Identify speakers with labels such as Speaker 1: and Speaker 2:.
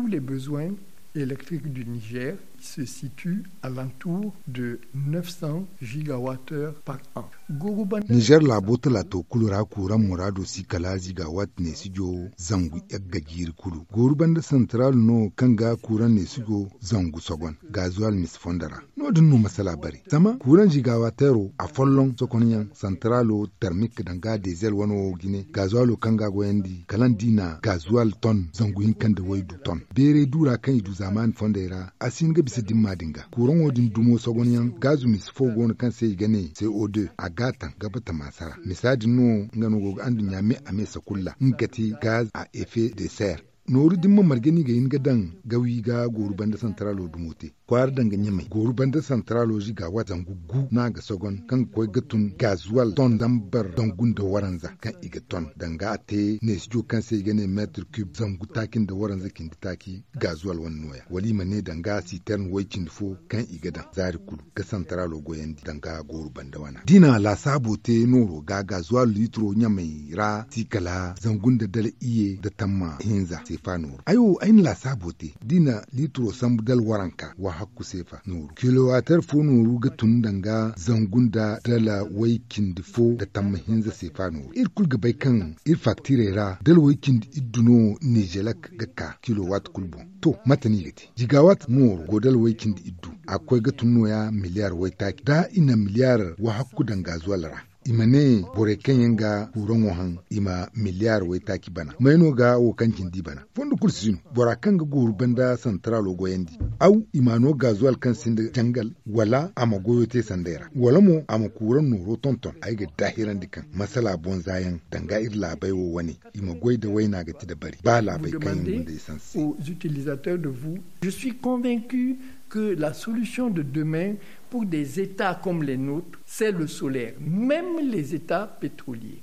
Speaker 1: tous les besoins électrique du Niger se situe à l'entour de 900 GWh par an. Niger la lato kulura kura murado si kala gigawatt ne sijo zangu yagga kulu. Gorubanda central no kanga kuran ne sijo zangu sogon. Gazual misfondara. fondara. No dunu masala bari. Zama kuran gigawattero a follon sokonyan centralo thermique danga diesel wano gine. Gazualo kanga goyendi kalandina gazual ton zangu hinkande waidu ton. Bere dura kan zaman fondera asin ga bisa dimma dinga kuron odin dumo sogon yan gazu mis fogon kan sai gane sai o2 a gatan gaba ta masara misadi no ngano go an ya me a mesa kulla ngati gaz a efe de serre noru dimma margani ga yin gadan gawi ga gurban da santaralo dumote kwayar danganye mai goru bandar santraloji ga watan gugu na ga sagon kan kwai gatun gazuwal ton dambar dangun da waranza kan iga ton danga te ne su kan sai gane metr cube zangu takin da waranza kin taki gazuwal wani noya walima ne danga tern waikin fo kan iga dan zari kulu ga santralo goyen danga goru banda wana dina la sabo te noro ga gazuwal litro nya mai ra tikala zangun da dala iye da tamma hinza noro ayo ayin la sabo te dina litro sambudal waranka wa hakku sefa nuru kilowatar fo nuru ga tun danga zangunda dala wai kindi fo da tamahin za sefa nuru ir kul ga kan ir ra dala wai kindi idduno nijelak ga ka kilowat kulbu to matani gati jigawat nuru go dala wai kindi idu akwai ga tun noya miliyar wai taki da ina miliyar wa hakku danga zuwa lara imane bore kenyen ga kuron wahan ima miliyar wai taki bana maino ga wokancin di bana fondo kulsinu bora kan ga guru banda central au imano ga zuwal kan sinda jangal wala ama goyo te sandera wala mo ama kuran tonton ai ga dahiran dikan masala bon zayan danga ir labai wo wani ima goy da waina ga ti da bari ba labai kan da isansi aux utilisateurs de vous je suis convaincu que la solution de demain pour des États comme les nôtres, c'est le solaire, même les États pétroliers.